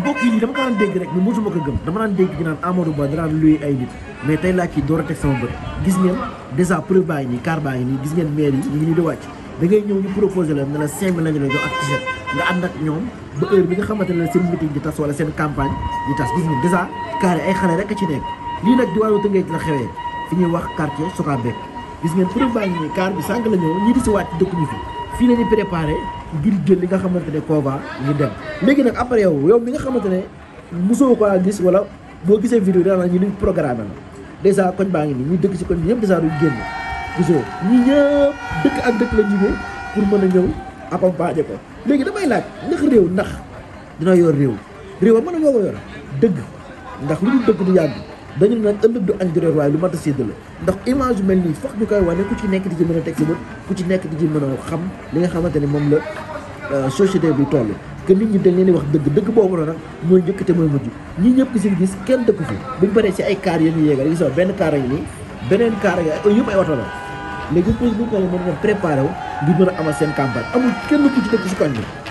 mbokk yi dama ko daan dégg rek mais mosuma ko gëm dama daan dégg ñu naan Amadou Ba da daan luy ay nit mais tey laa ciy door sama bët gis ngeen dèjà preuve baa nii car baa ngi nii gis ngeen maire yi ngi nii di wàcc da ñëw ñu proposé la ne la cinq lañu la jox ak t-shirt nga ànd xamante ne seen meeting di tas wala seen campagne di tas gis ngeen dèjà carré ay xale rek a ci nekk lii nag diwaanu Tëngéej la xewee fi ñuy wax quartier Sokabek gis ngeen preuve baa ngi nii car bi sànq la fii la ñuy préparé ngir jël li nga xamante ne Kova ñu dem léegi nag après yow yow mi nga xamante ne mosoo ko gis wala boo gisee vidéo daan naa ñu ni programme la dèjà koñ baa ngi nii ñuy dëkk ci koñ bi ñëpp dèjà duñ génn gisoo ñi ñëpp dëkk ak dëkk la jugee pour mën a ñëw accompagner ko léegi damay laaj ndax réew ndax dina yor réew réew a mën a ñoo ko yor dëgg ndax lu dul dëgg du yàgg dañu naan ëllëg du añ du reer waaye lu mat a la ndox image yu mel nii foog ñu koy wane ku ci nekk di ci mën a teg sa bët ku ci nekk di ci mën a xam li nga xamante ne moom la euh, société bi toll que nit ñi dañ leen di wax dëgg dëgg boobu la nag mooy njëkk te mooy mujj ñi ñëpp ki seen gis kenn dëkku fi buñ paree si ay kaar yéen ñu yéegal gisoo benn kaar yi nii beneen kaar yi yëpp ay oto la léegi pase bu paree mën na préparé wu ngir mën a amal seen campagne amul kenn ci dëkk si koñ